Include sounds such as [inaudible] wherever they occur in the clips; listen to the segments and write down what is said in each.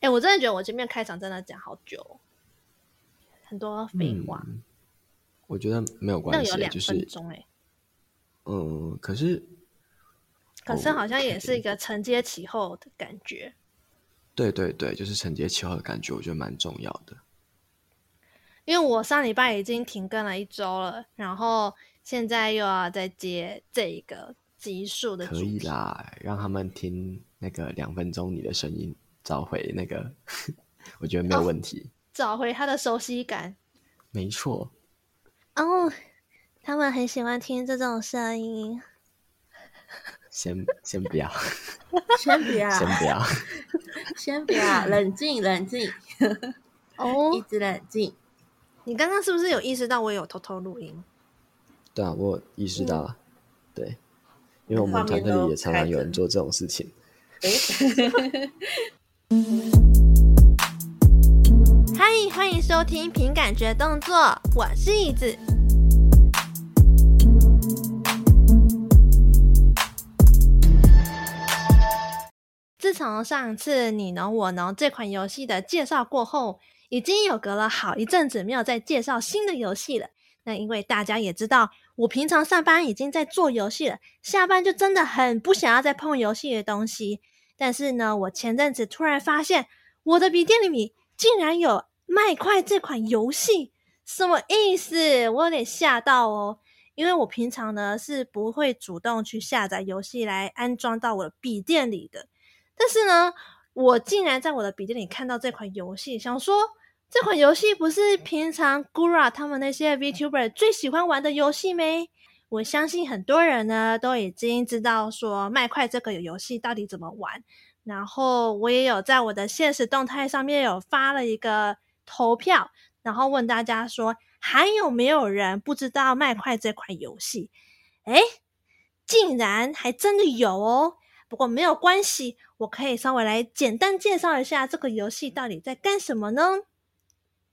哎、欸，我真的覺得我前面開場真的講好久、哦，很多廢話、嗯。我覺得沒有關係，有兩分鐘耶，就是嗯，可是可是好像也是一個承接啟後的感覺。Okay. 對對對，就是承接啟後的感覺，我覺得蠻重要的。因為我上禮拜已經停更了一周了，然後現在又要再接這一個急速的，可以啦，讓他們聽那個兩分鐘你的聲音。找回那個，我覺得沒有問題。哦、找回他的熟悉感，沒錯。哦，oh, 他們很喜歡聽這種聲音。先先不要，先不要， [laughs] 先不要，先不要，冷靜冷靜。哦， [laughs] 一直冷靜。Oh, 你剛剛是不是有意識到我有偷偷錄音？對啊，我有意識到了。嗯、對，因為我們團隊裡也常常有人做這種事情。哎。誒 [laughs] 嗨，Hi, 歡迎收聽《憑感覺動作》，我是怡子。自從上次《你儂我儂》這款遊戲的介紹過後，已經有隔了好一陣子沒有再介紹新的遊戲了。那因為大家也知道，我平常上班已經在做遊戲了，下班就真的很不想要再碰遊戲的東西。但是呢，我前陣子突然發現我的筆電裡面竟然有《麥塊》這款遊戲，什麼意思？我有點嚇到哦，因為我平常呢是不會主動去下載遊戲來安裝到我的筆電裡的。但是呢，我竟然在我的筆電裡看到這款遊戲，想說這款遊戲不是平常 Gura 他們那些 VTuber 最喜歡玩的遊戲咩？我相信很多人呢都已經知道說麥塊這個遊戲到底怎麼玩，然後我也有在我的限時動態上面有發了一個投票，然後問大家說還有沒有人不知道麥塊這款遊戲？哎，竟然還真的有哦！不過沒有關係，我可以稍微來簡單介紹一下這個遊戲到底在幹什麼呢？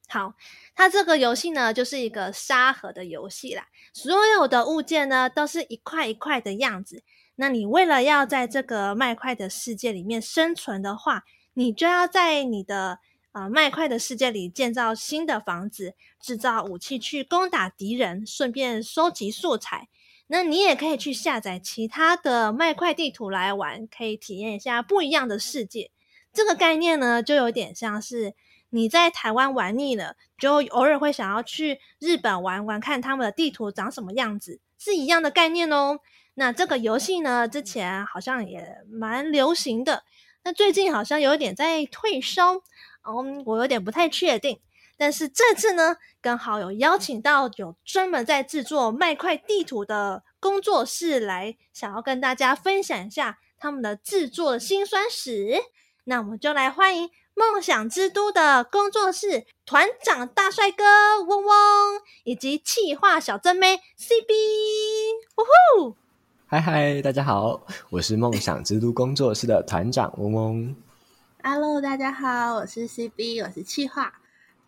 好，它這個遊戲呢，就是一個沙盒的遊戲啦。所有的物件呢，都是一塊一塊的樣子。那你為了要在這個麥塊的世界裡面生存的話，你就要在你的啊、呃、麥塊的世界裡建造新的房子，製造武器去攻打敵人，順便收集素材。那你也可以去下載其他的麥塊地圖來玩，可以體驗一下不一樣的世界。這個概念呢，就有點像是。你在台灣玩膩了，就偶爾會想要去日本玩玩，看他們的地圖長什麼樣子，是一樣的概念哦。那這個遊戲呢，之前好像也蠻流行的，那最近好像有點在退燒，嗯，我有點不太確定。但是這次呢，剛好有邀請到有專門在制作麥塊地圖的工作室來，想要跟大家分享一下他們的制作的辛酸史。那我們就來歡迎。夢想之都的工作室團長大帥哥嗡嗡，以及企劃小正妹 CB，嗚、哦、呼！嗨嗨，大家好，我是夢想之都工作室的團長嗡嗡。Hello，大家好，我是 CB，我是企劃。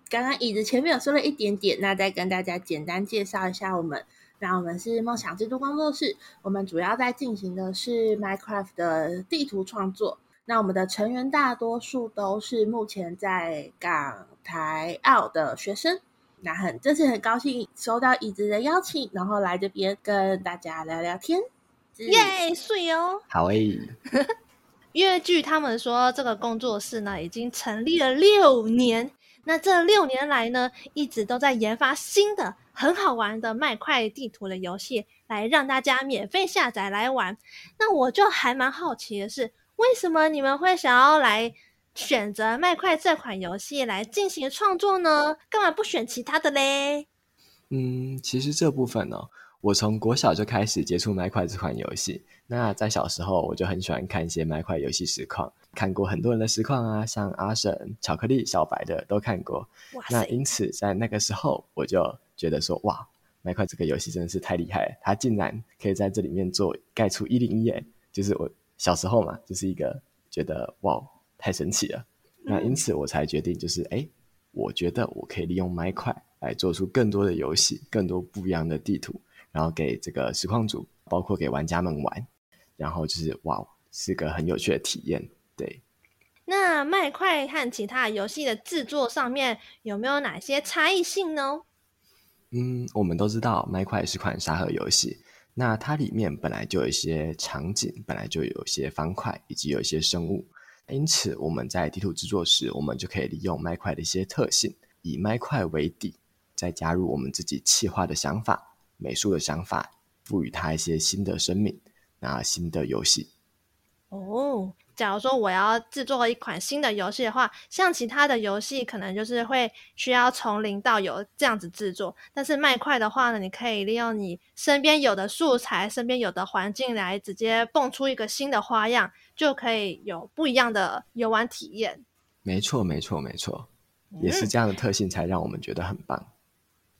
剛剛椅子前面有說了一點點，那再跟大家簡單介紹一下我們。那我們是夢想之都工作室，我們主要在進行的是 Minecraft 的地圖創作。那我們的成員大多數都是目前在港台澳的學生，那很這次很高興收到椅子的邀請，然後來這邊跟大家聊聊天。耶，睡、yeah，哦，好誒、欸。因為據 [laughs] 他們說，這個工作室呢已經成立了六年，那這六年來呢一直都在研發新的很好玩的麥塊地圖的遊戲，來讓大家免費下載來玩。那我就還蠻好奇的是。為什麼你們會想要來選擇麥塊這款遊戲來進行創作呢？幹嘛不選其他的嘞？嗯，其實這部分呢、哦，我從國小就開始接觸麥塊這款遊戲。那在小時候，我就很喜歡看一些麥塊遊戲實況，看過很多人的實況啊，像阿神巧克力、小白的都看過。哇塞。那因此，在那個時候，我就覺得說，哇，麥塊這個遊戲真的是太厲害了，他竟然可以在這裡面做蓋出一零一耶，就是我。小時候嘛，就是一個覺得哇、哦、太神奇了，那因此我才決定就是哎、嗯，我覺得我可以利用麥塊來做出更多的遊戲，更多不一樣的地圖，然後給這個實況主，包括給玩家們玩，然後就是哇、哦、是個很有趣的體驗。對，那麥塊和其他遊戲的製作上面有沒有哪些差異性呢？嗯，我們都知道麥塊是款沙盒遊戲。那它裡面本來就有一些場景，本來就有一些方塊，以及有一些生物。因此，我們在地圖制作時，我們就可以利用麥塊的一些特性，以麥塊為底，再加入我們自己企劃的想法、美術的想法，賦予它一些新的生命，那新的遊戲。哦，假如說我要制作一款新的遊戲的話，像其他的遊戲，可能就是會需要從零到有這樣子制作。但是麥塊的話呢，你可以利用你身邊有的素材、身邊有的環境來直接蹦出一個新的花樣，就可以有不一樣的遊玩體驗。沒錯，沒錯，沒錯，嗯，也是這樣的特性才讓我們覺得很棒。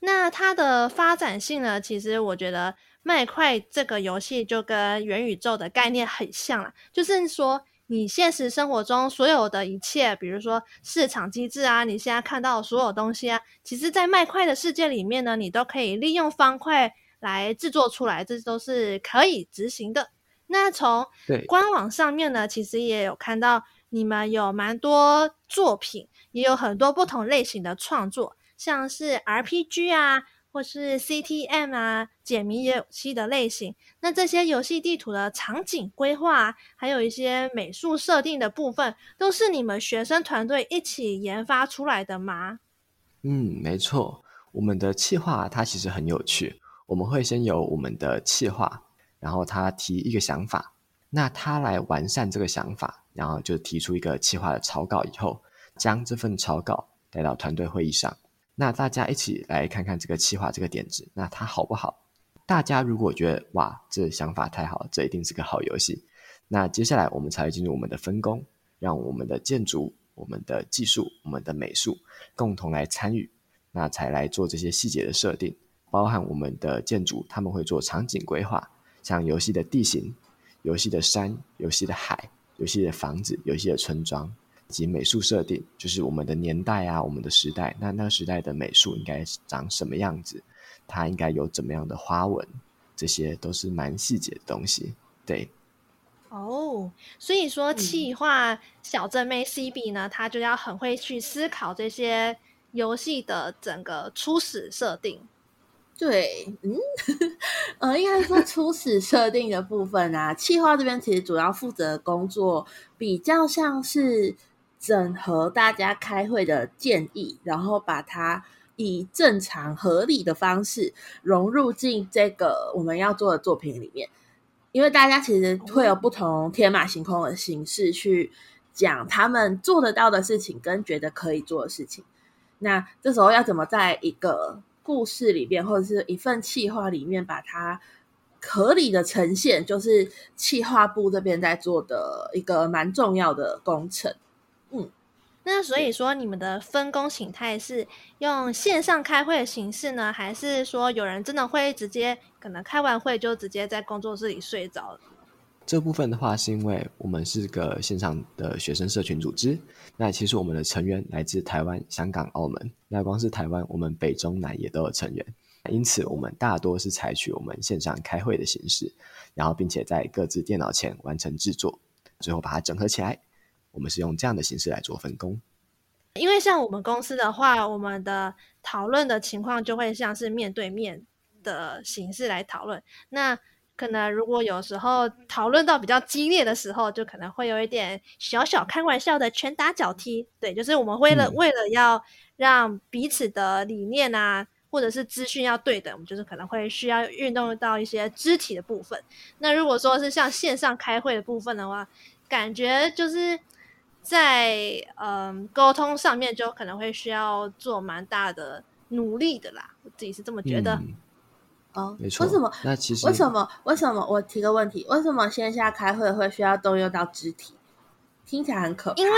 那它的發展性呢？其實我覺得麥塊這個遊戲就跟元宇宙的概念很像啦，就是說你現實生活中所有的一切，比如說市場機制啊，你現在看到所有東西啊，其實在麥塊的世界裡面呢，你都可以利用方塊來制作出來，這都是可以執行的。那從官網上面呢，其實也有看到你們有蠻多作品，也有很多不同類型的創作。像是 RPG 啊，或是 CTM 啊，解謎遊戲的類型，那這些遊戲地圖的場景規劃，還有一些美術設定的部分，都是你們學生團隊一起研發出來的嗎？嗯，沒錯，我們的企劃它其實很有趣，我們會先由我們的企劃，然後他提一個想法，那他來完善這個想法，然後就提出一個企劃的草稿以後，將這份草稿帶到團隊會議上。那大家一起來看看這個企劃這個點子，那它好不好？大家如果覺得哇，這想法太好，這一定是個好遊戲。那接下來我們才會進入我們的分工，讓我們的建築、我們的技術、我們的美術共同來參與，那才來做這些細節的設定，包含我們的建築，他們會做場景規劃，像遊戲的地形、遊戲的山、遊戲的海、遊戲的房子、遊戲的村莊。及美術設定，就是我們的年代啊，我們的時代，那那個時代的美術應該長什麼樣子？它應該有怎麼樣的花紋？這些都是蠻細節的東西，對。哦，oh, 所以說企劃小正妹 CB 呢，嗯、他就要很會去思考這些遊戲的整個初始設定。對，嗯，呃， [laughs] 應該說初始設定的部分啊，企劃 [laughs] 這邊其實主要負責工作，比較像是。整合大家開會的建議，然後把它以正常合理的方式融入進這個我們要做的作品裡面。因為大家其實會有不同天馬行空的形式去講他們做得到的事情跟覺得可以做的事情。那這時候要怎麼在一個故事裡面或者是一份企劃裡面把它合理的呈現，就是企劃部這邊在做的一個蠻重要的工程。那所以說，你們的分工形態是用線上開會的形式呢，還是說有人真的會直接可能開完會就直接在工作室裡睡着了？這部分的話，是因為我們是個線上的學生社群組織，那其實我們的成員來自台灣、香港、澳門，那光是台灣，我們北中南也都有成員，因此我們大多是採取我們線上開會的形式，然後並且在各自電腦前完成制作，最後把它整合起來。我們是用這樣的形式來做分工，因為像我們公司的話，我們的討論的情況就會像是面對面的形式來討論。那可能如果有時候討論到比較激烈的時候，就可能會有一點小小開玩笑的拳打腳踢。對，就是我們為了、嗯、為了要讓彼此的理念啊，或者是資訊要對等，我們就是可能會需要運動到一些肢體的部分。那如果說是像線上開會的部分的話，感覺就是。在嗯溝通上面，就可能會需要做蠻大的努力的啦，我自己是這麼覺得。嗯、哦，沒錯錯。為什麼？那其實為什麼？為什麼，我，什麼我提個問題？為什麼線下開會會需要動用到肢體？聽起來很可怕。因為，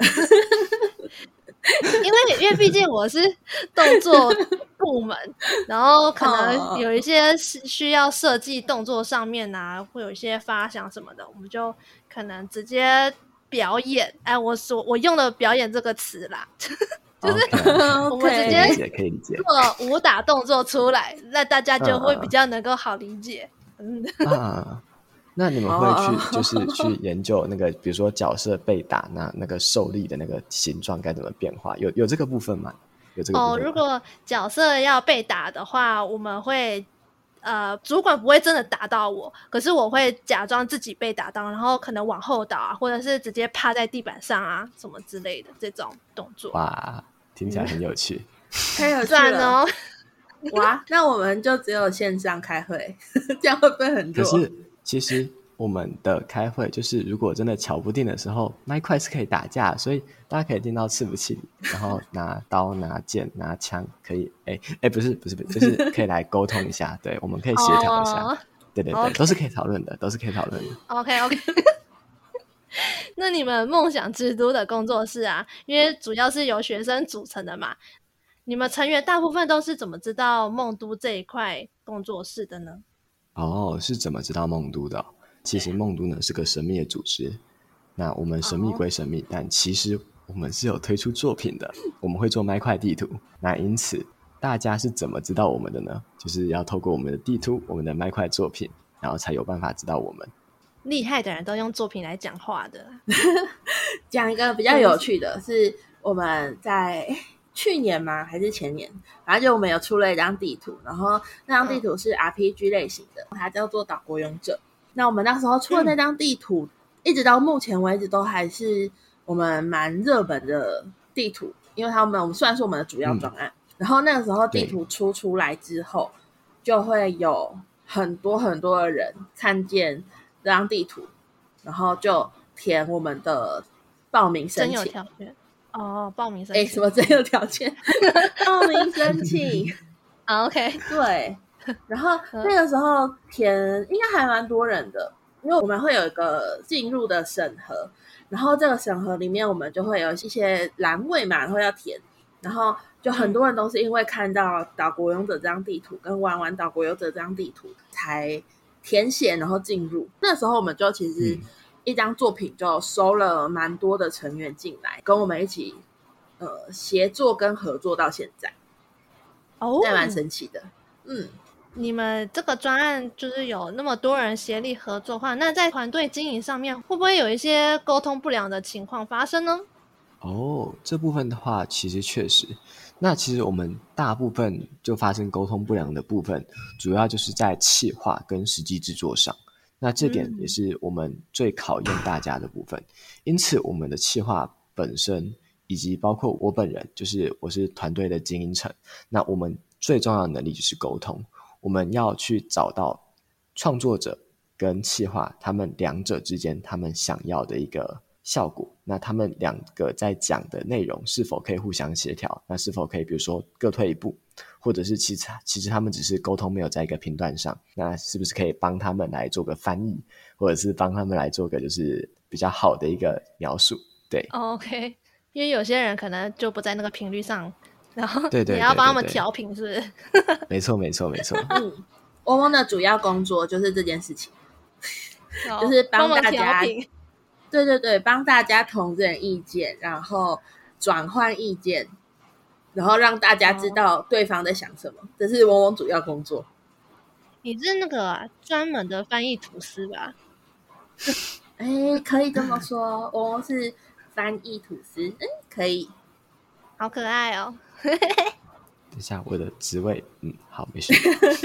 [laughs] [laughs] 因為，因為畢竟我是動作部門， [laughs] 然後可能有一些是需要設計動作上面啊，會 [laughs] 有一些發想什麼的，我們就可能直接。表演，哎，我說我用了“表演”這個詞啦，okay, [laughs] 就是我們直接可以理解做武打動作出來，okay, okay. [laughs] 那大家就會比較能夠好理解。嗯 [laughs] 、啊，那你們會去就是去研究那個，oh, 比如說角色被打，那那個受力的那個形狀該怎麼變化？有有這個部分嗎？有這個哦。Oh, 如果角色要被打的話，我們會。呃，主管不會真的打到我，可是我會假裝自己被打到，然後可能往後倒啊，或者是直接趴在地板上啊，什麼之類的這種動作。哇，聽起來很有趣，很、嗯、太有趣了！算哦、 [laughs] 哇， [laughs] 那我們就只有線上開會，這樣會不會很多？可是其實。我們的開會就是，如果真的喬不定的時候，麥塊是可以打架，所以大家可以聽到伺服器，然後拿刀、 [laughs] 拿劍、拿槍，可以哎哎、欸欸，不是不是不，就是可以來溝通一下， [laughs] 對，我們可以協調一下，oh, 對對對，okay. 都是可以討論的，都是可以討論的。OK OK。 [laughs] 那你們夢想之都的工作室啊，因為主要是由學生組成的嘛，你們成員大部分都是怎麼知道夢都這一塊工作室的呢？哦，oh, 是怎麼知道夢都的？其實夢都呢是個神秘的組織，那我們神秘歸神秘，哦、但其實我們是有推出作品的。我們會做麥塊地圖，那因此大家是怎麼知道我們的呢？就是要透過我們的地圖、我們的麥塊作品，然後才有辦法知道我們。厲害的人都用作品來講話的。 [laughs] 講一個比較有趣的是，我們在去年嗎還是前年，反正就我們有出了一張地圖，然後那張地圖是 RPG 類型的，嗯、它叫做《島國勇者》。那我們那時候出的那張地圖，嗯、一直到目前為止都還是我們蠻熱門的地圖，因為他們我們算是我們的主要專案，嗯、然後那個時候地圖出出來之後，對就會有很多很多的人看見這張地圖，然後就填我們的報名申請。真有條件哦，報名申請？哎、欸，什麼真有條件？ [laughs] [laughs] 報名申請。 [laughs] uh, OK，對。 [laughs] 然後那個時候填應該還蠻多人的，因為我們會有一個進入的審核，然後這個審核裡面我們就會有一些欄位嘛，然後要填，然後就很多人都是因為看到《島國勇者》這張地圖跟《玩玩島國勇者》這張地圖才填寫然後進入。那時候我們就其實一張作品，就收了蠻多的成員進來，跟我們一起呃協作跟合作到現在，哦，還蠻神奇的，嗯。你們這個專案就是有那麼多人協力合作的話，那在團隊經營上面會不會有一些溝通不良的情況發生呢？哦，這部分的話，其實確實，那其實我們大部分就發生溝通不良的部分，主要就是在企劃跟實際製作上，那這點也是我們最考驗大家的部分。嗯、因此，我們的企劃本身，以及包括我本人，就是我是團隊的經營層，那我們最重要的能力就是溝通。我們要去找到創作者跟企劃他們兩者之間他們想要的一個效果，那他們兩個在講的內容是否可以互相協調？那是否可以，比如說各退一步，或者是其實其實他們只是溝通沒有在一個頻段上，那是不是可以幫他們來做個翻譯，或者是幫他們來做個就是比較好的一個描述？對，oh，OK，因為有些人可能就不在那個頻率上。然後對對，你要幫他們調頻，是不是對對對對對？沒錯，沒錯，沒錯。 [laughs] 嗯，嗡嗡的主要工作就是這件事情，後 [laughs] 就是幫大家，對對對，幫大家統整意見，然後轉換意見，然後讓大家知道對方在想什麼。哦、這是嗡嗡主要工作。你是那個、啊、專門的翻譯吐司吧？哎， [laughs] 可以這麼說，嗡嗡是翻譯吐司。嗯，可以，好可愛哦。 [laughs] 等一下，我的職位，嗯，好，沒事。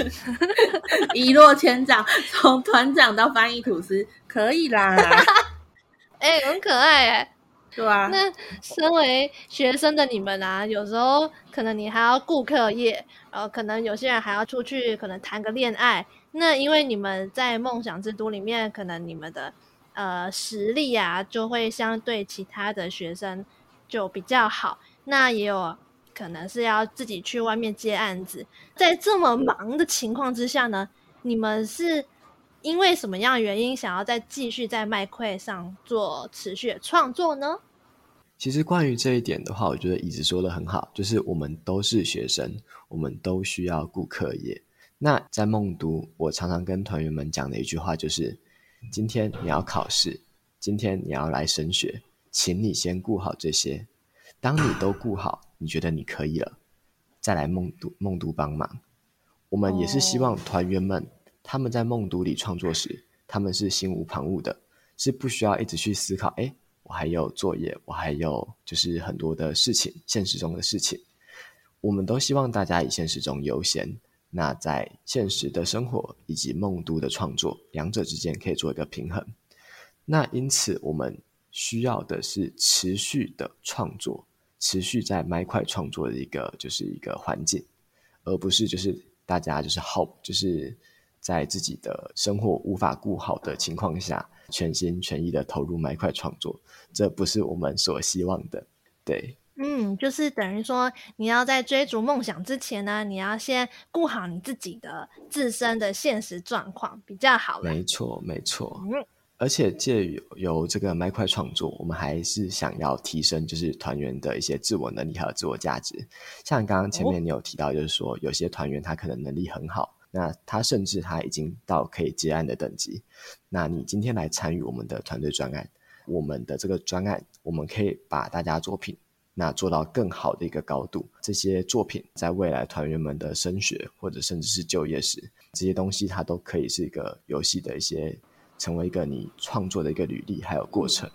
[laughs] [laughs] 一落千丈，從團長到翻譯吐司，可以啦，啦。哎、 [laughs] 欸，很可愛、欸，哎，對啊。那身為學生的你們啊，有時候可能你還要顧課業，然、呃、後可能有些人還要出去，可能談個戀愛。那因為你們在夢想之都裡面，可能你們的呃實力啊，就會相對其他的學生就比較好。那也有。可能是要自己去外面接案子，在這麼忙的情況之下呢，你們是因為什麼樣的原因想要再繼續在麥塊上做持續的創作呢？其實關於這一點的話，我覺得一直說的很好，就是我們都是學生，我們都需要顧課業。那在夢都，我常常跟團員們講的一句話就是：今天你要考試，今天你要來升學，請你先顧好這些。當你都顧好。 [laughs] 你覺得你可以了，再來夢都夢都幫忙。我們也是希望團員們、oh. 他們在夢都裡創作時，他們是心無旁騖的，是不需要一直去思考。哎，我還有作業，我還有就是很多的事情，現實中的事情。我們都希望大家以現實中優先，那在現實的生活以及夢都的創作兩者之間可以做一個平衡。那因此，我們需要的是持續的創作。持續在麥塊創作的一個就是一個環境，而不是就是大家就是 hope，就是在自己的生活無法顧好的情況下，全心全意的投入麥塊創作，這不是我們所希望的。對，嗯，就是等於說你要在追逐夢想之前呢，你要先顧好你自己的自身的現實狀況比較好了。沒錯，沒錯。嗯。而且借由這個麥塊創作，我們還是想要提升，就是團員的一些自我能力還有自我價值。像剛剛前面你有提到，就是說有些團員他可能能力很好，那他甚至他已經到可以接案的等級。那你今天來參與我們的團隊專案，我們的這個專案，我們可以把大家作品那做到更好的一個高度。這些作品在未來團員們的升學或者甚至是就業時，這些東西它都可以是一個遊戲的一些。成為一個你創作的一個履歷，還有過程，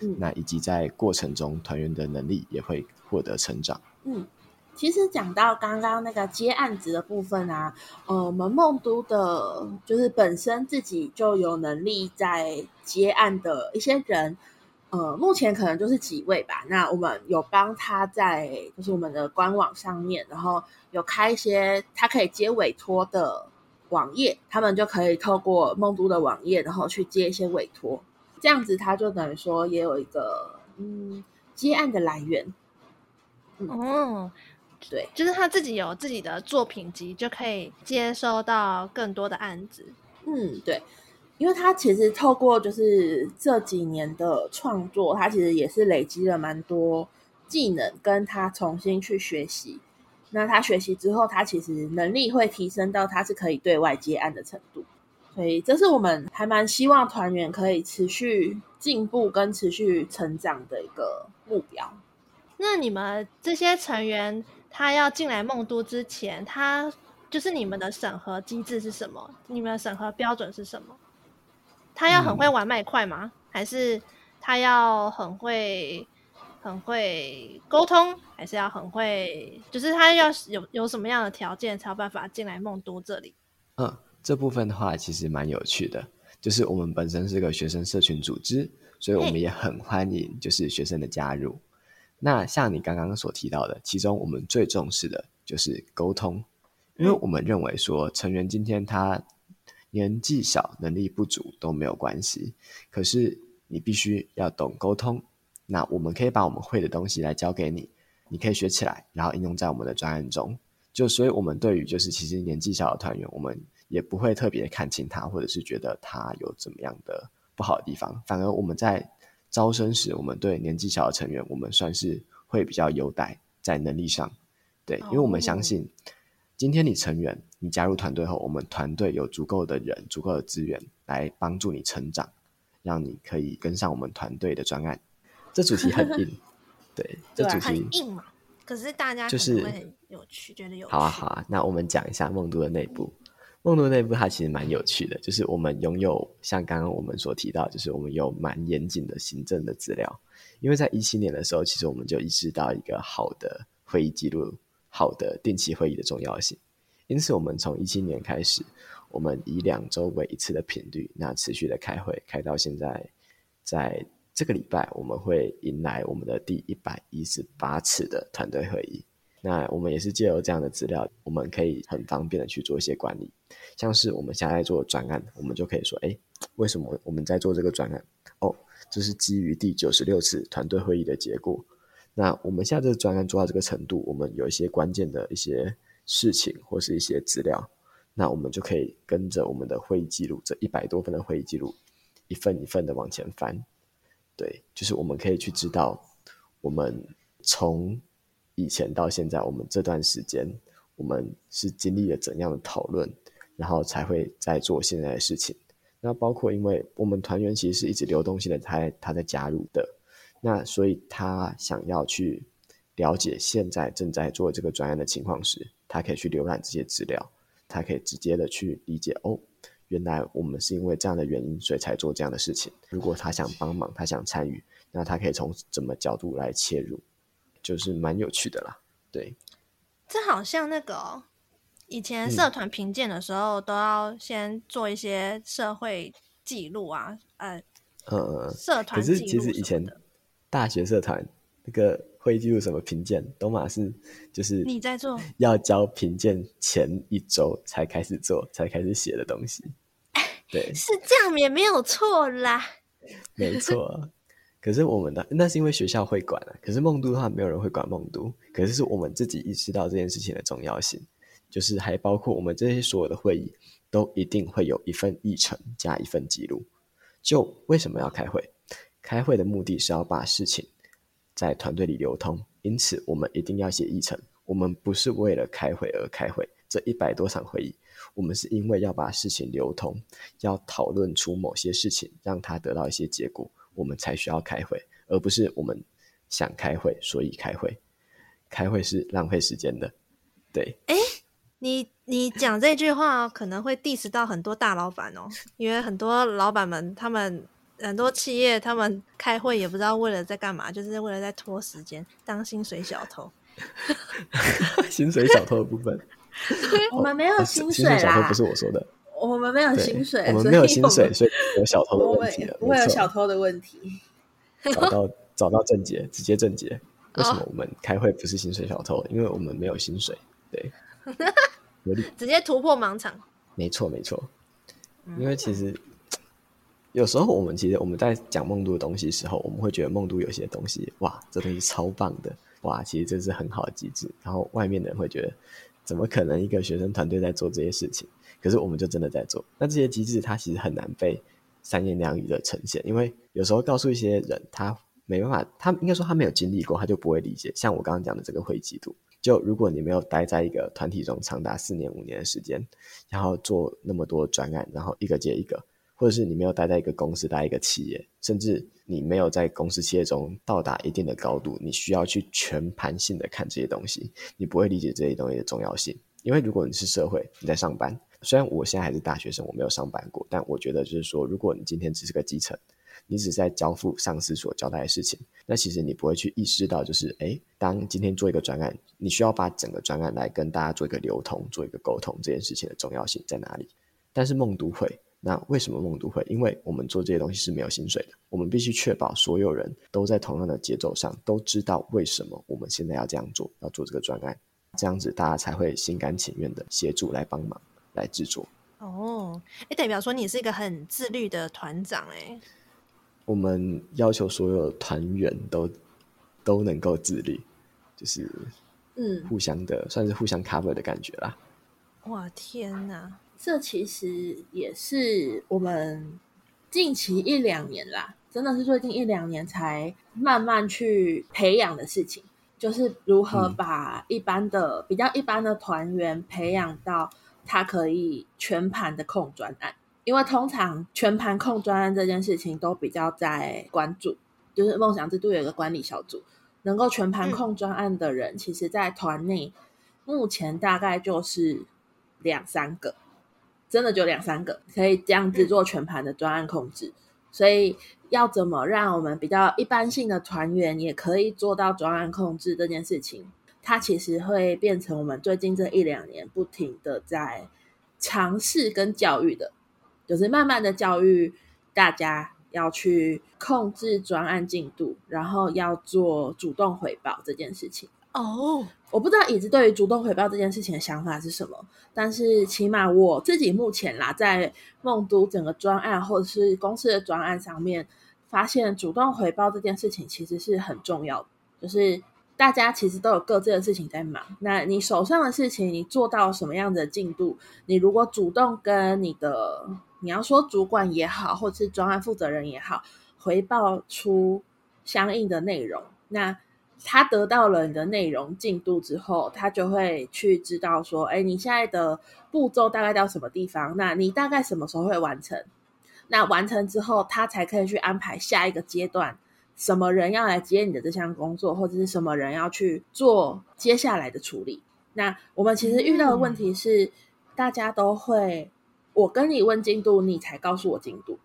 嗯嗯、那以及在過程中團員的能力也會獲得成長。嗯，其實講到剛剛那個接案子的部分啊，呃，我們夢都的，就是本身自己就有能力在接案的一些人，呃，目前可能就是幾位吧。那我們有幫他在，就是我們的官網上面，然後有開一些他可以接委託的網頁，他們就可以透過夢都的網頁，然後去接一些委託，這樣子他就等於說也有一個嗯接案的來源。嗯，嗯對，就是他自己有自己的作品集，就可以接收到更多的案子。嗯，對，因為他其實透過就是這幾年的創作，他其實也是累積了蠻多技能，跟他重新去學習。那他學習之後，他其實能力會提升到他是可以對外接案的程度，所以這是我們還蠻希望團員可以持續進步跟持續成長的一個目標。那你們這些成員，他要進來夢都之前，他就是你們的審核機制是什麼？你們的審核標準是什麼？他要很會玩麥塊嗎？嗯、還是他要很會？很會溝通，還是要很會，就是他要有有什麼樣的條件才有辦法進來夢都這裡。嗯，這部分的話其實蠻有趣的，就是我們本身是個學生社群組織，所以我們也很歡迎就是學生的加入。嘿那像你剛剛所提到的，其中我們最重視的就是溝通，因為我們認為說成員今天他年紀小，能力不足都沒有關係，可是你必須要懂溝通。那我們可以把我們會的東西來教給你，你可以學起來，然後應用在我們的專案中。就所以，我們對於就是其實年紀小的團員，我們也不會特別看輕他，或者是覺得他有怎麼樣的不好的地方。反而我們在招生時，我們對年紀小的成員，我們算是會比較優待在能力上，對，因為我們相信，今天你成員，你加入團隊後，我們團隊有足夠的人、足夠的資源來幫助你成長，讓你可以跟上我們團隊的專案。這主題很硬， [laughs] 對，這主題、就是、很硬嘛？可是大家就是很有趣，就是、覺得有趣好啊好啊。那我們講一下夢都的內部。夢、嗯、都內部它其實蠻有趣的，就是我們擁有像剛剛我們所提到，就是我們有蠻嚴謹的行政的資料。因為在一七年的時候，其實我們就意識到一個好的會議記錄、好的定期會議的重要性。因此，我們從一七年開始，我們以兩周為一次的頻率，那持續的開會，開到現在在。這個禮拜我們會迎來我們的第一百一十八次的團隊會議。那我們也是借由這樣的資料，我們可以很方便的去做一些管理。像是我們現在做的專案，我們就可以說：“誒，為什麼我們在做這個專案？哦，這是基於第九十六次團隊會議的結果。那我們現在這個專案做到這個程度，我們有一些關鍵的一些事情或是一些資料，那我們就可以跟着我們的會議記錄這一百多份的會議記錄，一份一份的往前翻。”對，就是我們可以去知道，我們從以前到現在，我們這段時間我們是經歷了怎樣的討論，然後才會在做現在的事情。那包括，因為我們團員其實是一直流動性的，他在他在加入的，那所以他想要去了解現在正在做這個專案的情況時，他可以去瀏覽這些資料，他可以直接的去理解哦。原來我們是因為這樣的原因，所以才做這樣的事情。如果他想幫忙，他想參與，那他可以從什麼角度來切入，就是蠻有趣的啦。對，這好像那個、哦、以前社團評鑑的時候，都要先做一些社會記錄啊，嗯、呃，嗯，社團記錄的。嗯、是其實以前大學社團那個。會記錄什麼評鑑？東馬是就是你在做，要交評鑑前一周才開始做，才開始寫的東西。對，是這樣也沒有錯啦。 [laughs] 沒錯、啊，可是我們的那是因為學校會管、啊、可是夢都的話，沒有人會管夢都。可是是我們自己意識到這件事情的重要性，就是還包括我們這些所有的會議都一定會有一份議程加一份記錄。就為什麼要開會？開會的目的是要把事情，在團隊裡流通，因此我們一定要寫議程。我們不是為了開會而開會，這一百多場會議，我們是因為要把事情流通，要討論出某些事情，讓它得到一些結果，我們才需要開會，而不是我們想開會，所以開會。開會是浪費時間的，對。誒，你你講這句話哦，可能會 diss 到很多大老闆哦，因為很多老闆們他們。很多企業他們開會也不知道為了在幹嘛，就是為了在拖時間當薪水小偷。 [laughs] 薪水小偷的部分， [laughs] 我們沒有薪水啦。哦、薪水小偷不是我說的，我們沒有薪水，對我們我們沒有薪水，所以有小偷的問題了。不會，不會有小偷的問題。 [laughs] 找到找到症結，直接症結。為什麼我們開會不是薪水小偷？因為我們沒有薪水。對， [laughs] 直接突破盲場。沒錯，沒錯。因為其實。有時候我們其實我們在講夢都的東西的時候，我們會覺得夢都有些東西，哇，這東西超棒的，哇，其實這是很好的機制。然後外面的人會覺得，怎麼可能一個學生團隊在做這些事情？可是我們就真的在做。那這些機制它其實很難被三言兩語的呈現，因為有時候告訴一些人，他沒辦法，他應該說他沒有經歷過，他就不會理解。像我剛剛講的這個匯集度，就如果你沒有待在一個團體中長達四年五年的時間，然後做那麼多專案，然後一個接一個。或者是你沒有待在一個公司、待一個企業，甚至你沒有在公司、企業中到達一定的高度，你需要去全盤性的看這些東西，你不會理解這些東西的重要性。因為如果你是社會，你在上班，雖然我現在還是大學生，我沒有上班過，但我覺得就是說，如果你今天只是個基層，你只在交付上司所交代的事情，那其實你不會去意識到，就是哎，當今天做一個專案，你需要把整個專案來跟大家做一個流通、做一個溝通，這件事情的重要性在哪裡？但是夢都會。那為什麼夢都會？因為我們做這些東西是沒有薪水的，我們必須確保所有人都在同樣的節奏上，都知道為什麼我們現在要這樣做，要做這個專案，這樣子大家才會心甘情願的協助來幫忙來制作。哦，哎、欸，代表說你是一個很自律的團長哎、欸。我們要求所有團員都都能夠自律，就是嗯，互相的、嗯、算是互相 cover 的感覺啦。哇，天哪！這其實也是我們近期一兩年啦，真的是最近一兩年才慢慢去培養的事情，就是如何把一般的、嗯、比較一般的團員培養到他可以全盤的控專案。因為通常全盤控專案這件事情都比較在關注，就是夢想之都有一個管理小組，能夠全盤控專案的人，其實在團內目前大概就是兩三個。真的就兩三個可以這樣子做全盤的專案控制，所以要怎麼讓我們比較一般性的團員也可以做到專案控制這件事情？它其實會變成我們最近這一兩年不停的在嘗試跟教育的，就是慢慢的教育大家要去控制專案進度，然後要做主動回報這件事情。哦，oh, 我不知道椅子對於主動回報這件事情的想法是什麼，但是起碼我自己目前啦，在夢都整個專案或者是公司的專案上面，發現主動回報這件事情其實是很重要的。就是大家其實都有各自的事情在忙，那你手上的事情你做到什麼樣的進度，你如果主動跟你的你要說主管也好，或者是專案負責人也好，回報出相應的內容，那，他得到了你的內容進度之後，他就會去知道說，哎，你現在的步驟大概到什麼地方？那你大概什麼時候會完成？那完成之後，他才可以去安排下一個階段，什麼人要來接你的這項工作，或者是什麼人要去做接下來的處理。那我們其實遇到的問題是，嗯、大家都會我跟你問進度，你才告訴我進度，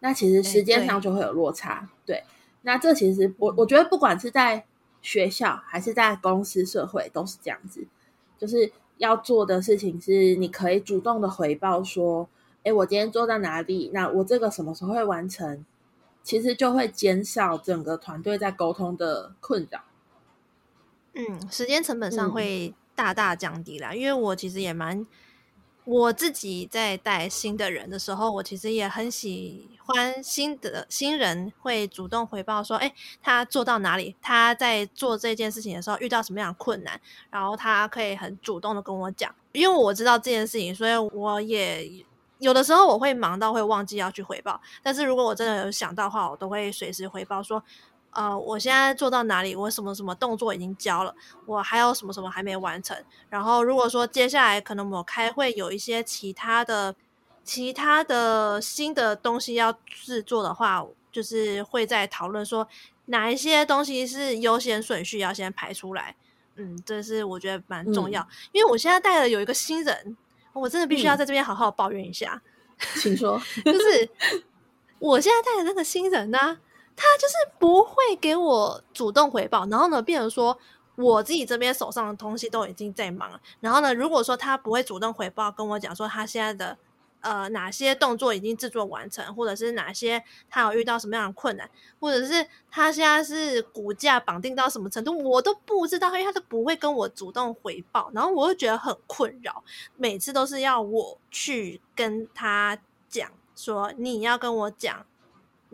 那其實時間上就會有落差，欸、對。對那這其實，我我覺得不管是在學校還是在公司、社會，都是這樣子，就是要做的事情是，你可以主動的回報說，哎，我今天做到哪裡？那我這個什麼時候會完成？其實就會減少整個團隊在溝通的困擾。嗯，時間成本上會大大降低啦。嗯、因為我其實也蠻。我自己在帶新的人的時候，我其實也很喜歡新的新人會主動回報說：“誒，他做到哪裡？他在做這件事情的時候遇到什麼樣的困難？然後他可以很主動的跟我講，因為我知道這件事情，所以我也有的時候我會忙到會忘記要去回報。但是如果我真的有想到的話，我都會隨時回報說。”呃，我現在做到哪裡？我什麼什麼動作已經教了？我還有什麼什麼還沒完成？然後如果說接下來可能我開會有一些其他的、其他的新的東西要製作的話，就是會在討論說哪一些東西是優先順序要先排出來。嗯，這是我覺得蠻重要，嗯、因為我現在帶了有一個新人，我真的必須要在這邊好好抱怨一下，請說、嗯， [laughs] 就是我現在帶的那個新人呢、啊。他就是不會給我主動回報，然後呢，變成說我自己這邊手上的東西都已經在忙了，然後呢，如果說他不會主動回報，跟我講說他現在的呃哪些動作已經制作完成，或者是哪些他有遇到什麼樣的困難，或者是他現在是骨架綁定到什麼程度，我都不知道，因為他就不會跟我主動回報，然後我就覺得很困擾，每次都是要我去跟他講說你要跟我講。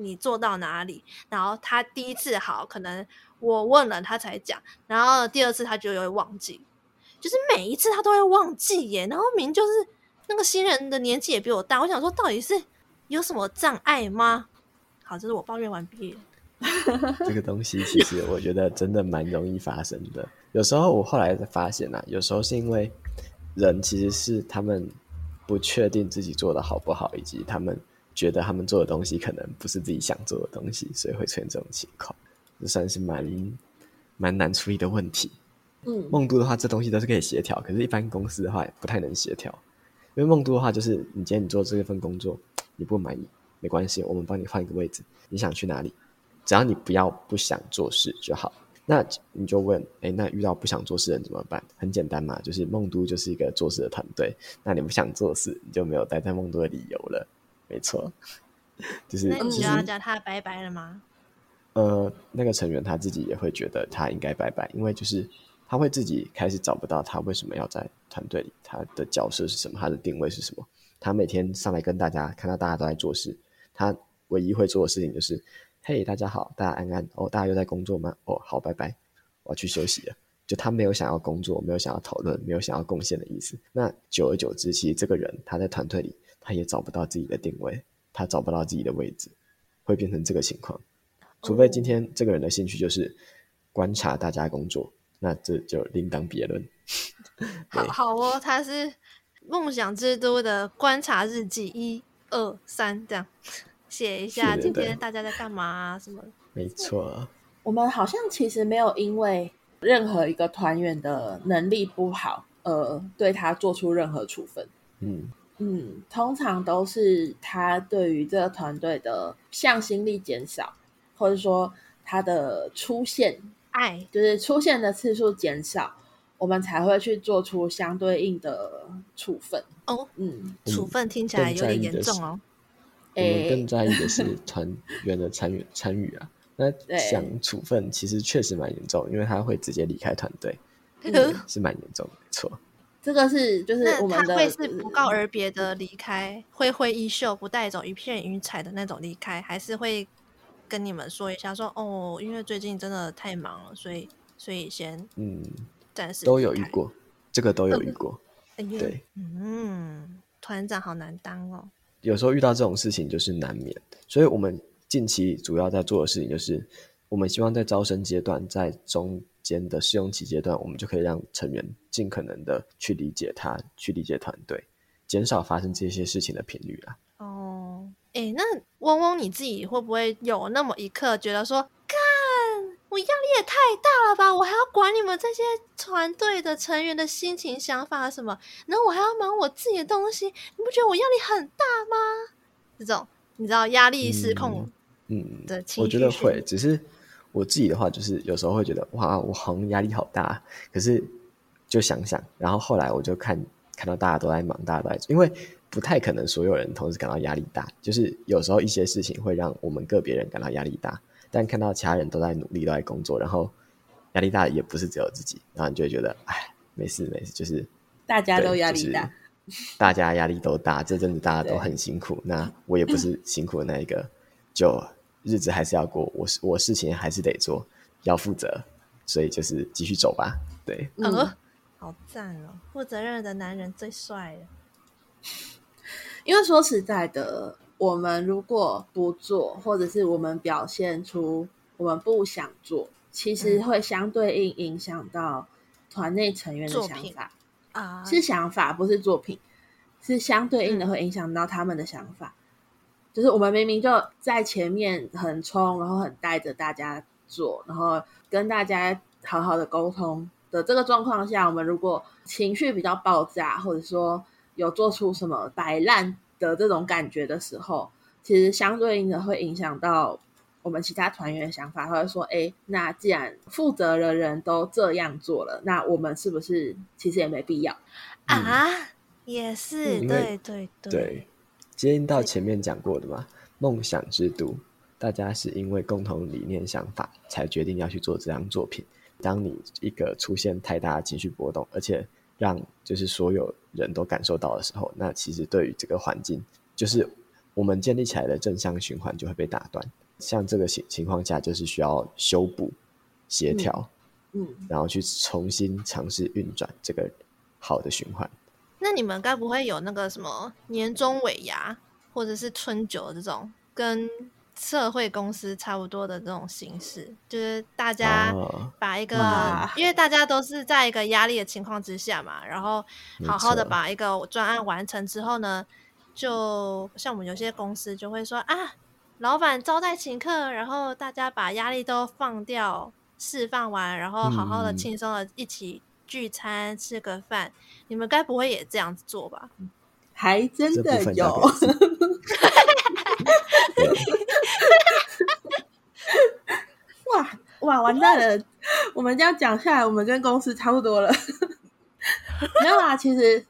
你做到哪裡？然後他第一次好，可能我問了他才講，然後第二次他就會忘記，就是每一次他都會忘記耶。然後明就是那個新人的年紀也比我大，我想說到底是有什麼障礙嗎？好，這、就是我抱怨完畢。這個東西其實我覺得真的蠻容易發生的。 [laughs] 有時候我後來才發現、啊、有時候是因為人其實是他們不確定自己做得好不好，以及他們。覺得他們做的東西可能不是自己想做的東西，所以會出現這種情況，這算是蠻蠻難處理的問題。嗯，夢都的話，這東西都是可以協調，可是一般公司的話也不太能協調，因為夢都的話就是，你今天你做這一份工作你不滿意沒關係，我們幫你換一個位置，你想去哪裡，只要你不要不想做事就好。那你就問，誒，那遇到不想做事的人怎麼辦？很簡單嘛，就是夢都就是一個做事的團隊，那你不想做事，你就沒有待在夢都的理由了。沒錯，就是。那你要叫他拜拜了嗎？呃，那個成員他自己也會覺得他應該拜拜，因為就是他會自己開始找不到他為什麼要在團隊裡，他的角色是什麼，他的定位是什麼。他每天上來跟大家看到大家都在做事，他唯一會做的事情就是：嘿，hey，大家好，大家安安哦，大家又在工作嗎？哦，好，拜拜，我要去休息了。就他沒有想要工作，沒有想要討論，沒有想要貢獻的意思。那久而久之，其實這個人他在團隊裡。他也找不到自己的定位，他找不到自己的位置，會變成這個情況。除非今天這個人的興趣就是觀察大家的工作，那這就另當別論。好好哦，他是夢想之都的觀察日記一二三，這樣寫一下今天大家在幹嘛、啊、什麼？什麼。沒錯，我們好像其實沒有因為任何一個團員的能力不好而對他做出任何處分。嗯。嗯，通常都是他對於這個團隊的向心力減少，或者說他的出現，愛就是出現的次數減少，我們才會去做出相對應的處分哦。嗯，處分聽起來有點嚴重哦。嗯欸、我們更在意的是團員的參與參與啊。 [laughs] 那想處分其實確實蠻嚴重，因為他會直接離開團隊，嗯、是蠻嚴重的，沒錯。這個是就是我們他會是不告而別的離開，揮揮、嗯、衣袖不帶走一片雲彩的那種離開，還是會跟你們說一下說哦，因為最近真的太忙了，所以所以先嗯暫時嗯，都有遇過，這個都有遇過，哎、對，嗯，團長好難當哦，有時候遇到這種事情就是難免，所以我們近期主要在做的事情就是，我們希望在招生階段在中。間的試用期階段，我們就可以讓成員盡可能的去理解他，去理解團隊，減少發生這些事情的頻率了、啊。哦，誒、欸，那嗡嗡你自己會不會有那麼一刻覺得說，幹我壓力也太大了吧？我還要管你們這些團隊的成員的心情、想法什麼，然後我還要忙我自己的東西，你不覺得我壓力很大嗎？這種你知道壓力失控嗯，嗯的情緒，我覺得會，只是。我自己的話，就是有時候會覺得哇，我好像壓力好大。可是就想想，然後後來我就看看到大家都在忙，大家都在做，因為不太可能所有人同時感到壓力大。就是有時候一些事情會讓我們個別人感到壓力大，但看到其他人都在努力、都在工作，然後壓力大也不是只有自己。然後你就會覺得，哎，沒事沒事，就是大家都壓力大，就是，大家壓力都大。這陣子大家都很辛苦，對那我也不是辛苦的那一個，嗯、就。日子還是要過，我事我事情還是得做，要負責，所以就是繼續走吧。對，嗯嗯、好讚哦、喔，負責任的男人最帥了。因為說實在的，我們如果不做，或者是我們表現出我們不想做，其實會相對應影響到團內成員的想法、嗯、啊，是想法，不是作品，是相對應的，會影響到他們的想法。嗯就是我們明明就在前面很衝，然後很帶着大家做，然後跟大家好好的溝通的這個狀況下，我們如果情緒比較爆炸，或者說有做出什麼擺爛的這種感覺的時候，其實相對應的會影響到我們其他團員的想法，他會說：“哎，那既然負責的人都這樣做了，那我們是不是其實也沒必要、嗯、啊？”也是，對對、嗯、對。對對對接應到前面講過的嘛，夢想之都，大家是因為共同理念想法才決定要去做這張作品。當你一個出現太大的情緒波動，而且讓就是所有人都感受到的時候，那其實對於這個環境，就是我們建立起來的正向循環就會被打斷。像這個情情況下，就是需要修補、協調，嗯，嗯，然後去重新嘗試運轉這個好的循環。那你們該不會有那個什麼年終尾牙，或者是春酒這種跟社會公司差不多的這種形式，就是大家把一個，因為大家都是在一個壓力的情況之下嘛，然後好好的把一個專案完成之後呢，就像我們有些公司就會說啊，老闆招待請客，然後大家把壓力都放掉，釋放完，然後好好的輕鬆的一起聚餐吃個飯，你們該不會也這樣子做吧？還真的有！哇哇，完蛋了！哇我們這樣講下來，我們跟公司差不多了。 [laughs] 沒有啊，其實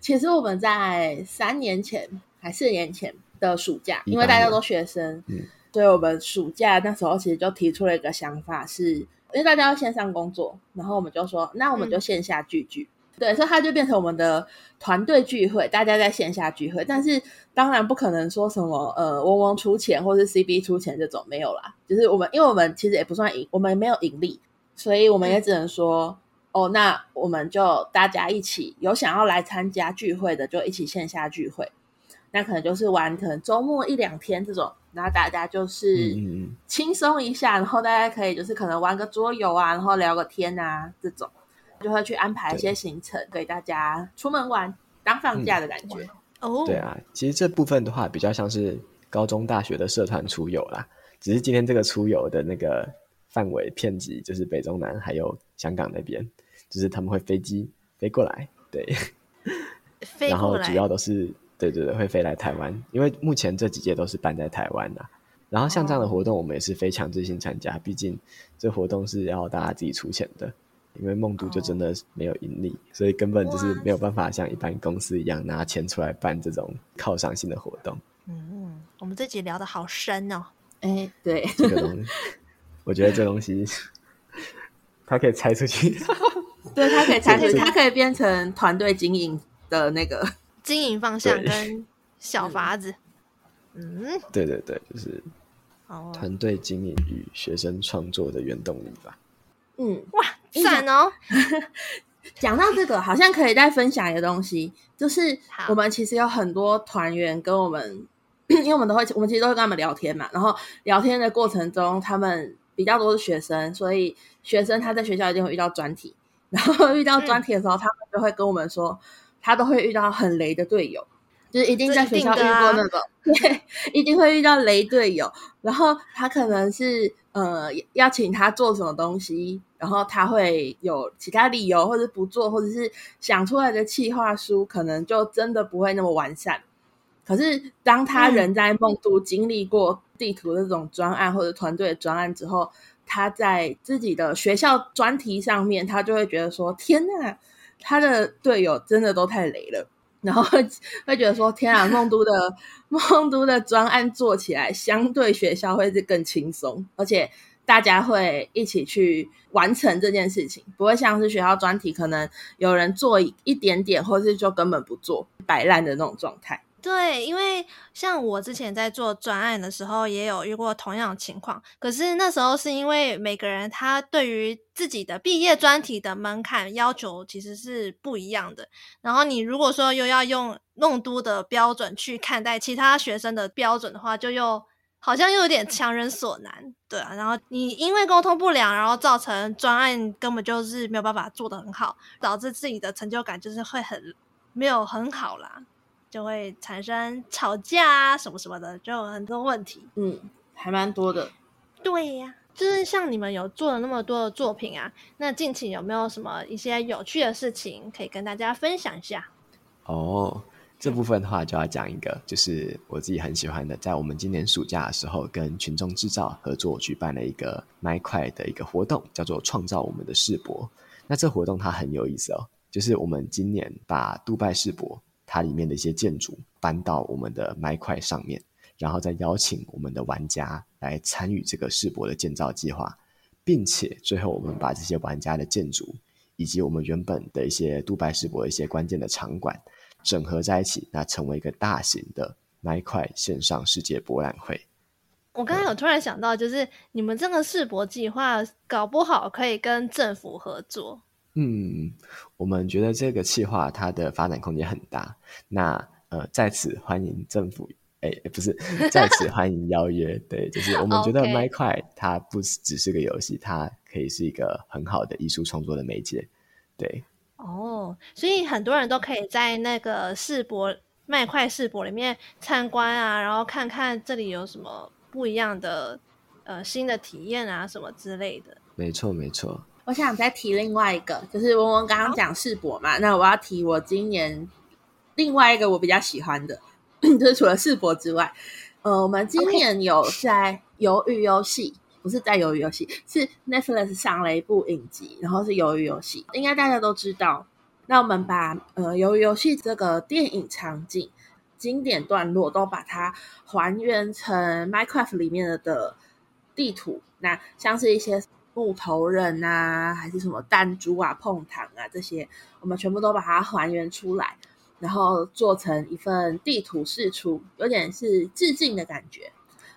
其實我們在三年前還是四年前的暑假，因為大家都學生，嗯、所以我們暑假那時候其實就提出了一個想法是。因為大家要線上工作，然後我們就說，那我們就線下聚聚，嗯、對，所以它就變成我們的團隊聚會，大家在線下聚會。但是當然不可能說什麼呃，嗡嗡出錢或者是 CB 出錢這種，沒有啦，就是我們因為我們其實也不算盈，我們也沒有盈利，所以我們也只能說，嗯、哦，那我們就大家一起有想要來參加聚會的，就一起線下聚會，那可能就是玩，可能周末一兩天這種。然後大家就是輕鬆一下，嗯、然後大家可以就是可能玩個桌遊啊，然後聊個天啊，這種就會去安排一些行程給對大家出門玩，當放假的感覺哦、嗯。對啊，其實這部分的話比較像是高中、大學的社團出遊啦，只是今天這個出遊的那個範圍遍及就是北中南還有香港那邊，就是他們會飛機飛過來，對，飛過來，然後主要都是。對對，對，會飛來台灣，因為目前這幾屆都是辦在台灣吶、啊。然後像這樣的活動，我們也是非強制性參加，哦、畢竟這活動是要大家自己出錢的。因為夢都就真的沒有盈利，哦、所以根本就是沒有辦法像一般公司一樣拿錢出來辦這種犒賞性的活動。嗯，嗯，我們這集聊得好深哦。哎，對，這個東西，我覺得這東西， [laughs] 它可以拆出去， [laughs] 對，它可以拆出去，對它可以變成團隊經營的那個。經營方向跟小法子，嗯，嗯對對對，就是團隊經營與學生創作的原動力吧。哦、嗯，哇，算哦！想 [laughs] 講到這個，好像可以再分享一個東西，就是我們其實有很多團員跟我們，好因為我們都會，我們其實都會跟他們聊天嘛。然後聊天的過程中，他們比較多是學生，所以學生他在學校一定會遇到專題，然後遇到專題的時候，他們就會跟我們說。嗯他都會遇到很雷的隊友，就是一定在學校遇過那個、啊、對，一定會遇到雷隊友。然後他可能是呃邀請他做什麼東西，然後他會有其他理由或者是不做，或者是想出來的企劃書可能就真的不會那麼完善。可是當他人在夢都經歷過地圖的這種專案、嗯、或者團隊的專案之後，他在自己的學校專題上面，他就會覺得說：“天哪！”他的隊友真的都太雷了，然後會會覺得說：“天啊，夢都的 [laughs] 夢都的專案做起來相對學校會是更輕鬆，而且大家會一起去完成這件事情，不會像是學校專題可能有人做一點點，或是就根本不做擺爛的那種狀態。”對，因為像我之前在做專案的時候，也有遇過同樣的情況。可是那時候是因為每個人他對於自己的畢業專題的門檻要求其實是不一樣的。然後你如果說又要用夢都的標準去看待其他學生的標準的話，就又好像又有點強人所難，對啊。然後你因為溝通不良，然後造成專案根本就是沒有辦法做得很好，導致自己的成就感就是會很，沒有很好啦。就會產生吵架啊，什麼什麼的，就很多問題。嗯，還蠻多的。對呀、啊，就是像你們有做了那麼多的作品啊，那近期有沒有什麼一些有趣的事情可以跟大家分享一下？哦，這部分的話就要講一個，嗯、就是我自己很喜歡的，在我們今年暑假的時候，跟群眾製造合作舉辦了一個麥塊的一個活動，叫做“創造我們的世博”。那這活動它很有意思哦，就是我們今年把杜拜世博。它裡面的一些建築搬到我們的麥塊上面，然後再邀請我們的玩家來參與這個世博的建造計劃，並且最後我們把這些玩家的建築以及我們原本的一些杜拜世博的一些關鍵的場館整合在一起，那成為一個大型的麥塊線上世界博覽會。我剛才有突然想到，就是你們這個世博計劃搞不好可以跟政府合作。嗯，我們覺得這個企劃它的發展空間很大。那呃，在此歡迎政府，哎、欸欸，不是，在此歡迎邀約。 [laughs] 對，就是我們覺得麥塊它不只是個遊戲，Okay. 它可以是一個很好的藝術創作的媒介。對。哦，oh, 所以很多人都可以在那個世博麥塊世博裡面參觀啊，然後看看這裡有什麼不一樣的呃新的體驗啊，什麼之類的。沒錯，沒錯。我想再提另外一個，就是文文剛剛講世博嘛，那我要提我今年另外一個我比較喜歡的，就是除了世博之外，呃，我們今年有在《魷魚遊戲》，不是在《魷魚遊戲》，是 Netflix 上了一部影集，然後是《魷魚遊戲》，應該大家都知道。那我們把呃《魷魚遊戲》這個電影場景經典段落都把它還原成 Minecraft 裡面的地圖，那像是一些。木頭人啊，還是什麼彈珠啊、椪糖啊這些，我們全部都把它還原出來，然後做成一份地圖釋出，有點是致敬的感覺。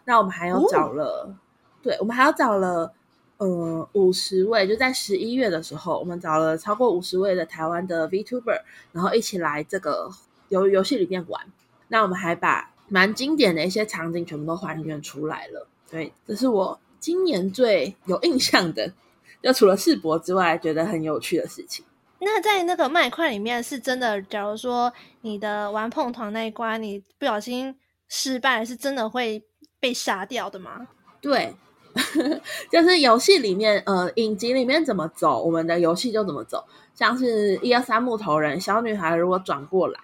那我們還有找了，哦、對，我們還要找了，呃，五十位，就在十一月的時候，我們找了超過五十位的台灣的 VTuber，然後一起來這個遊遊戲裡面玩。那我們還把蠻經典的一些場景全部都還原出來了。對，這是我。今年最有印象的，就除了世博之外，覺得很有趣的事情。那在那個麥塊裡面，是真的，假如說你的玩碰團那一關，你不小心失敗，是真的會被殺掉的嗎？對，呵呵，就是遊戲裡面，呃，影集裡面怎麼走，我們的遊戲就怎麼走。像是，一二三木頭人，小女孩如果轉過來。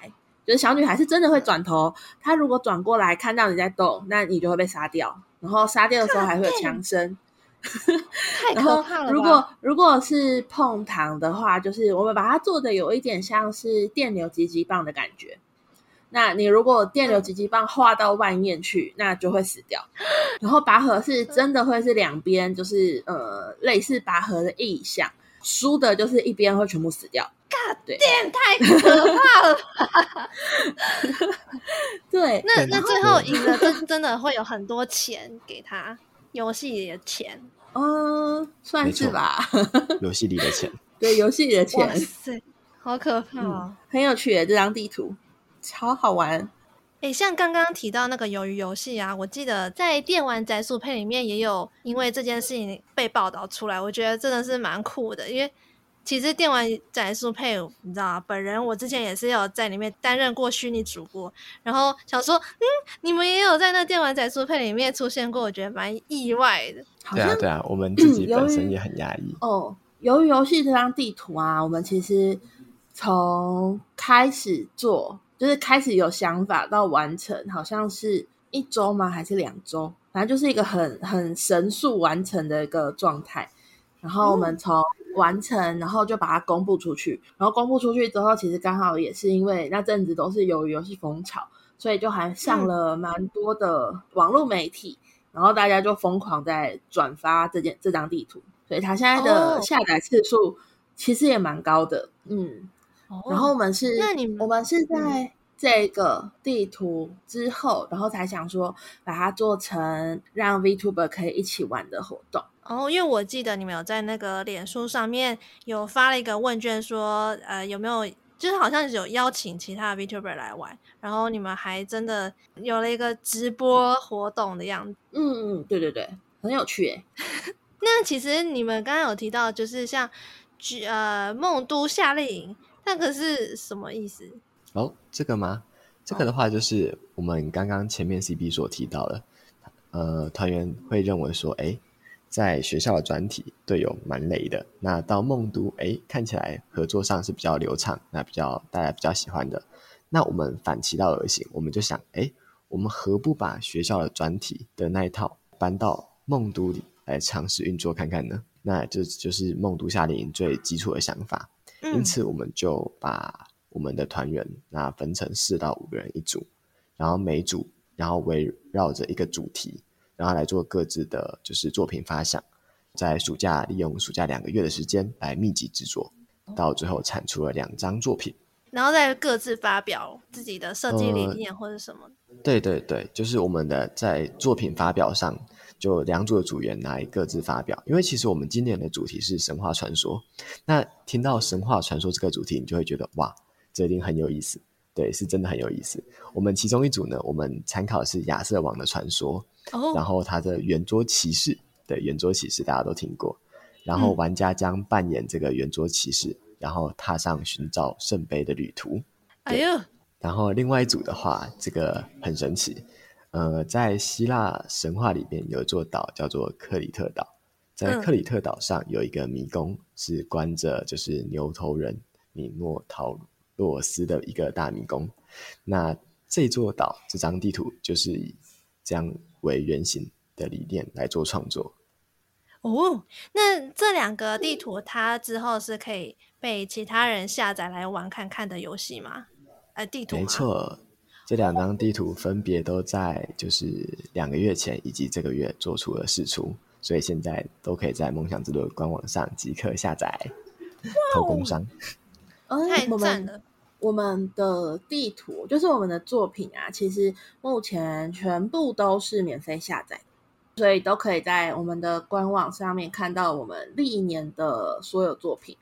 就是小女孩是真的會轉頭，她如果轉過來看到你在動，那你就會被殺掉。然後殺掉的時候還會有槍聲， [laughs] 太可怕了。然後如果如果是碰糖的話，就是我們把它做的有一點像是電流急急棒的感覺。那你如果電流急急棒畫到外面去，那就會死掉。 [laughs] 然後拔河是真的會是兩邊，就是呃類似拔河的意象。輸的就是一邊會全部死掉，god，damn, 對太可怕了吧。 [laughs] [laughs] 對，那那最後贏了，真真的會有很多錢給他，遊戲裡的錢，嗯、 [laughs] 哦，算是吧，遊戲裡的錢， [laughs] 對，遊戲裡的錢，哇塞，好可怕哦，嗯、很有趣的，的這張地圖超好玩。哎、欸，像剛剛提到那個魷魚遊戲啊，我記得在電玩宅速配裡面也有因為這件事情被報道出來，我覺得真的是蠻酷的。因為其實電玩宅速配，你知道、啊、本人我之前也是有在裡面擔任過虛擬主播，然後想說，嗯，你們也有在那電玩宅速配裡面出現過，我覺得蠻意外的。對啊，對啊，我們自己本身也很訝異、嗯。哦，魷魚遊戲這張地圖啊，我們其實從開始做。就是開始有想法到完成，好像是一周嗎？還是兩周？反正就是一個很很神速完成的一個狀態。然後我們從完成，然後就把它公布出去。然後公布出去之後，其實剛好也是因為那陣子都是有遊戲風潮，所以就還上了蠻多的網絡媒體。嗯、然後大家就瘋狂在轉發這件這張地圖，所以它現在的下載次數其實也蠻高的。嗯。哦、然後我們是那你們，我們是在這個地圖之後，嗯、然後才想說把它做成讓 Vtuber 可以一起玩的活動。然後、哦、因為我記得你們有在那個臉書上面有發了一個問卷說，說呃有沒有就是好像有邀請其他的 Vtuber 來玩，然後你們還真的有了一個直播活動的樣子。嗯嗯，對對對，很有趣耶。 [laughs] 那其實你們剛剛有提到，就是像呃夢都夏令營。那個是什麼意思？哦，這個嗎？這個的話，就是我們剛剛前面 CB 所提到的，哦、呃，團員會認為說，哎、欸，在學校的專題隊友蠻累的，那到夢都，哎、欸，看起來合作上是比較流暢，那比較大家比較喜歡的。那我們反其道而行，我們就想，哎、欸，我們何不把學校的專題的那一套搬到夢都裡來嘗試運作看看呢？那這就，就是夢都夏令營最基礎的想法。因此，我們就把我們的團員那分成四到五個人一組，然後每組，然後圍繞着一個主題，然後來做各自的就是作品發想，在暑假利用暑假兩個月的時間來密集製作，到最後產出了兩張作品，然後再各自發表自己的設計理念或者什麼。嗯，對對對，就是我們的在作品發表上。就兩組的組員來各自發表，因為其實我們今年的主題是神話傳說。那聽到神話傳說這個主題，你就會覺得哇，這一定很有意思。對，是真的很有意思。我們其中一組呢，我們參考的是亞瑟王的傳說，然後他的圓桌騎士，對，圓桌騎士大家都聽過。然後玩家將扮演這個圓桌騎士，然後踏上尋找聖杯的旅途。哎呦，然後另外一組的話，這個很神奇。呃，在希臘神話裡邊，有一座島叫做克里特島，在克里特島上有一個迷宮，是關着就是牛頭人米諾陶洛斯的一個大迷宮。那這座島這張地圖就是以這樣為原型的理念來做創作。哦、嗯，那這兩個地圖它之後是可以被其他人下載來玩看看的遊戲嗎？呃，地圖嗎？沒錯。這兩張地圖分別都在就是兩個月前以及這個月做出了釋出，所以現在都可以在夢想之都官網上即刻下載偷工商。哇哦、wow！太贊了！我們的地圖就是我們的作品啊，其實目前全部都是免費下載，所以都可以在我們的官網上面看到我們歷年的所有作品，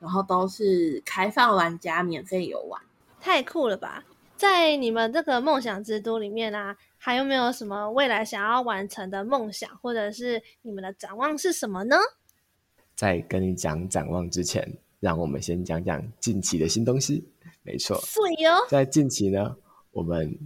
然後都是開放玩家免費遊玩，太酷了吧！在你們這個夢想之都裡面啊，還有沒有什麼未來想要完成的夢想，或者是你們的展望是什麼呢？在跟你講展望之前，讓我們先講講近期的新東西。沒錯，水哦。在近期呢，我們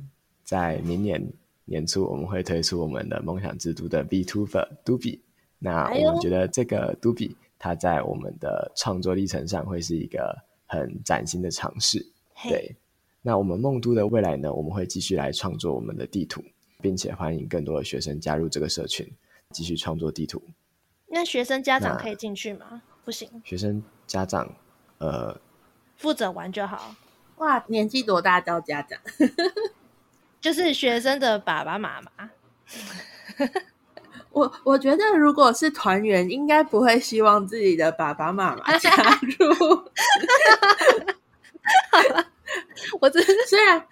在明年年初我們會推出我們的夢想之都的 VTuber 杜比。那我們覺得這個杜比，它在我們的創作歷程上會是一個很嶄新的嘗試。嘿對。那我們夢都的未來呢？我們會繼續來創作我們的地圖，並且歡迎更多的學生加入這個社群，繼續創作地圖。那學生家長可以進去嗎？那不行。學生家長，呃，負責玩就好。哇，年紀多大叫家長？ [laughs] 就是學生的爸爸媽媽。 [laughs] 我我覺得，如果是團員，應該不會希望自己的爸爸媽媽加入。 [laughs] 我真的雖然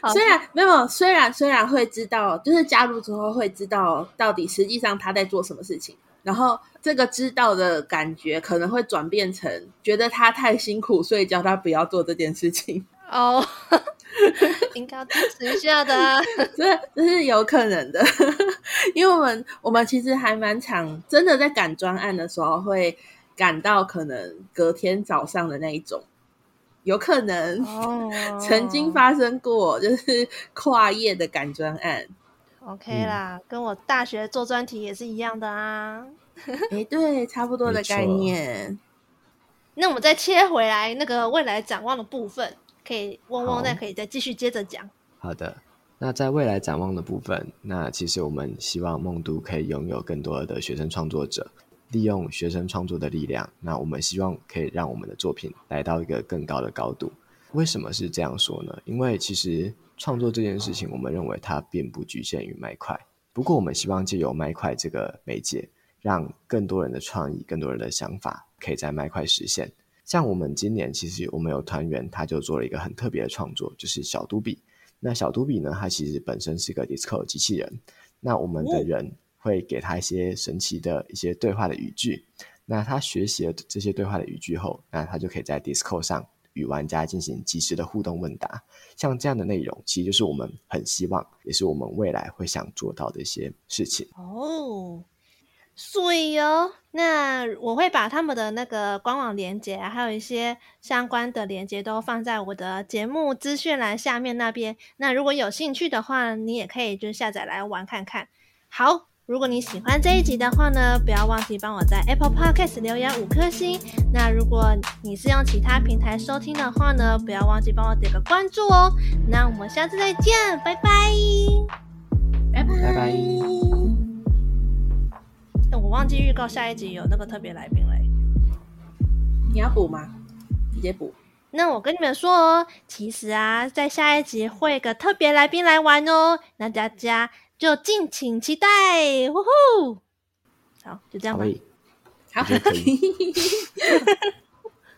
好雖然沒有雖然雖然會知道，就是加入之後會知道到底實際上他在做什麼事情，然後這個知道的感覺可能會轉變成覺得他太辛苦，所以叫他不要做這件事情哦。應該支持一下的，這這是有可能的。 [laughs] 因為我們我們其實還蠻常真的在趕專案的時候會趕到可能隔天早上的那一種。有可能，oh. 曾經發生過，就是跨業的趕專案，OK 啦，嗯、跟我大學做專題也是一樣的啊。哎，欸、對，差不多的概念。那我們再切回來那個未來展望的部分，可以嗡嗡那可以再繼續接着講好。好的，那在未來展望的部分，那其實我們希望夢都可以擁有更多的學生創作者。利用學生創作的力量，那我們希望可以讓我們的作品來到一個更高的高度。為什麼是這樣說呢？因為其實創作這件事情，我們認為它並不局限於麥塊。不過，我們希望借由麥塊這個媒介，讓更多人的創意、更多人的想法，可以在麥塊實現。像我們今年，其實我們有團員，他就做了一個很特別的創作，就是小杜比。那小杜比呢，它其實本身是一個 Discord 機器人。那我們的人。哦會給他一些神奇的一些對話的語句，那他學習了這些對話的語句後，那他就可以在 Discord 上與玩家進行即時的互動問答。像這樣的內容，其實就是我們很希望，也是我們未來會想做到的一些事情。哦，所以哦，那我會把他們的那個官網連結啊，還有一些相關的連結都放在我的節目資訊欄下面那邊。那如果有興趣的話，你也可以就下載來玩看看。好。如果你喜歡這一集的話呢，不要忘記幫我在 Apple Podcast 留言五顆星。那如果你是用其他平台收聽的話呢，不要忘記幫我點個關注哦。那我們下次再見，拜拜，拜拜。那拜、欸、我忘記預告下一集有那個特別來賓咧，你要補嗎？直接補。那我跟你們說哦，其實啊，在下一集會有個特別來賓來玩哦。那大家，家。就敬請期待，呼呼，好，就這樣吧，以好。 [laughs] [laughs]